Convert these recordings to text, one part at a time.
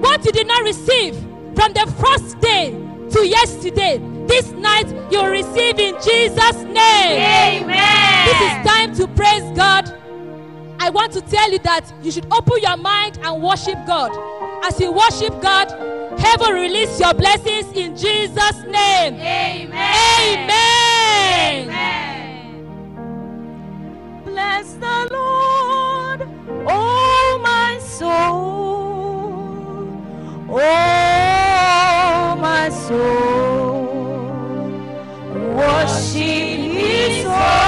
What you did not receive from the first day to yesterday, this night you receive in Jesus' name. Amen. This is time to praise God. I want to tell you that you should open your mind and worship God. As you worship God, heaven release your blessings in Jesus' name. Amen. Amen. Amen. Bless the Lord, oh my soul. Oh, my soul, worship His Lord.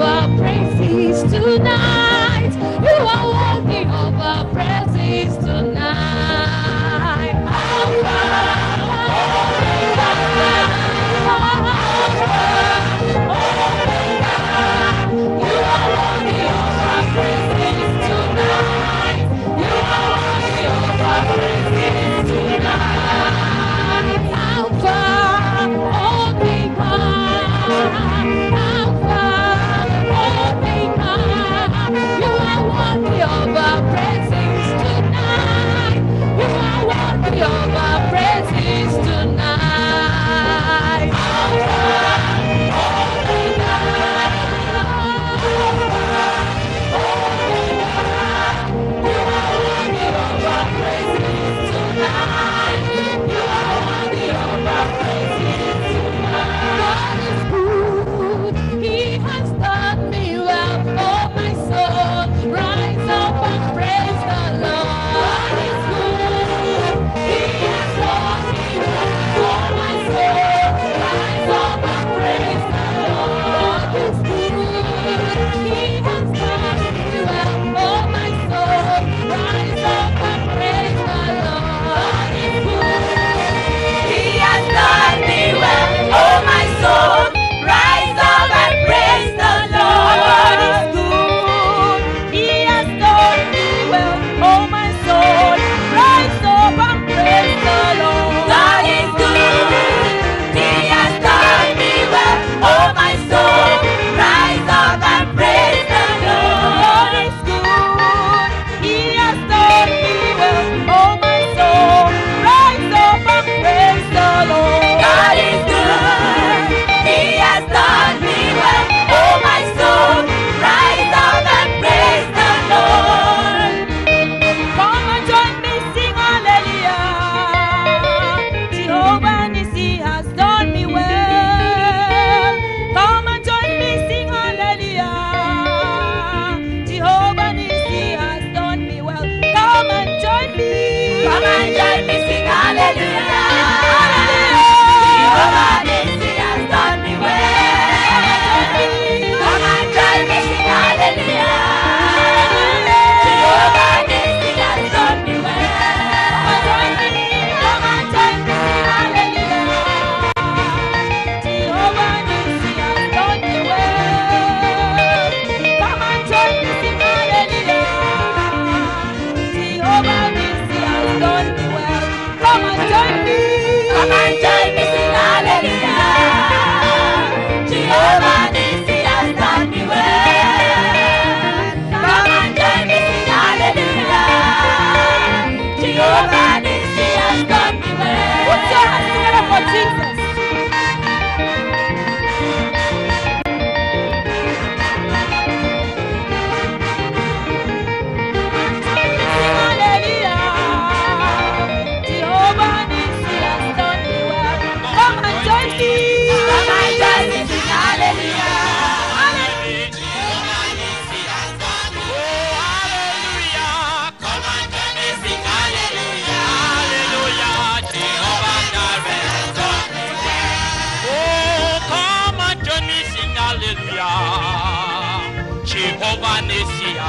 up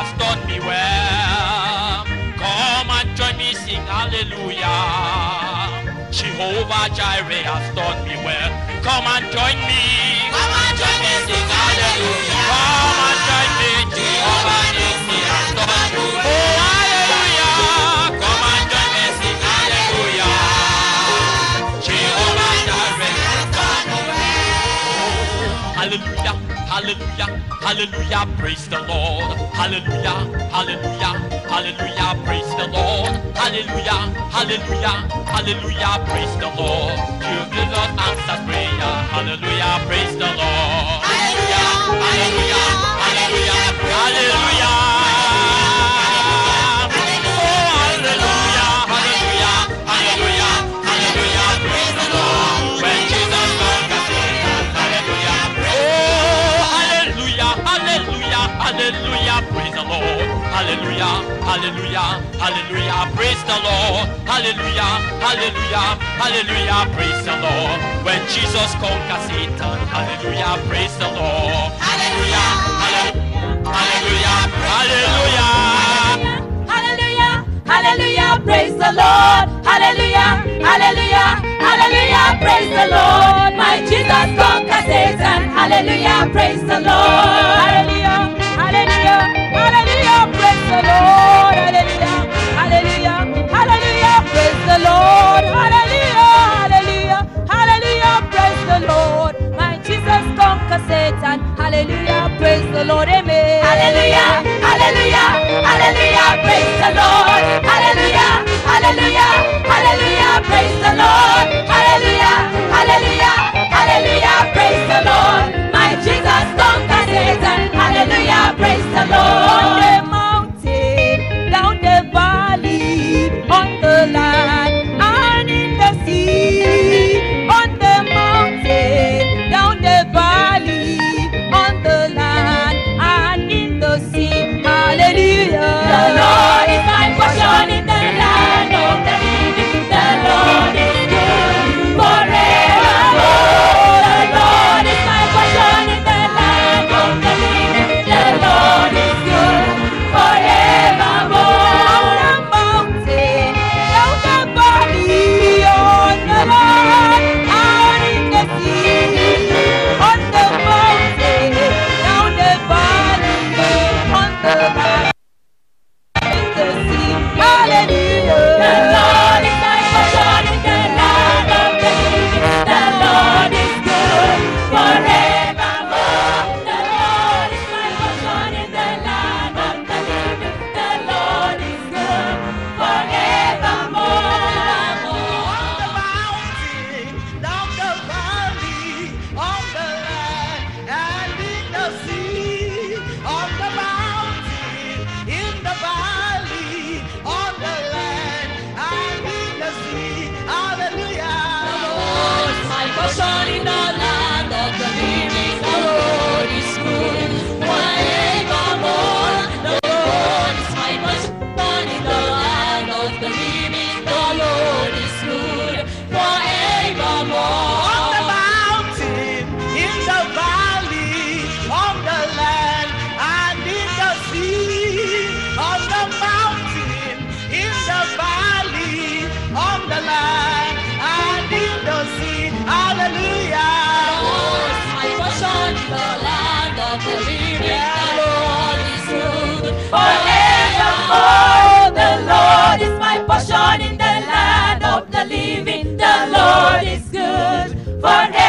has done me well. Come and join me, sing hallelujah. Jehovah Jireh has done me well. Come and join me. Come and join me, sing hallelujah. Come and join me, Jehovah. hallelujah, hallelujah, praise the Lord. Hallelujah, hallelujah, hallelujah, praise the Lord. Hallelujah, hallelujah, hallelujah, praise the Lord. Give the Lord answers prayer. Hallelujah, praise the Lord. Hallelujah, hallelujah, hallelujah, hallelujah. hallelujah, hallelujah, praise the Lord, hallelujah, hallelujah, hallelujah, praise the Lord. When Jesus conquers Satan, hallelujah, praise the Lord. Hallelujah, hallelujah, hallelujah, hallelujah, hallelujah, praise the Lord, hallelujah, hallelujah, hallelujah, praise the Lord. My Jesus conquered Satan, hallelujah, praise the Lord, hallelujah. Lord. My Jesus conquered Satan. Hallelujah, praise the Lord. Amen. Hallelujah, hallelujah, hallelujah, praise the Lord. Hallelujah, hallelujah, hallelujah, praise the Lord. Hallelujah, hallelujah. forever.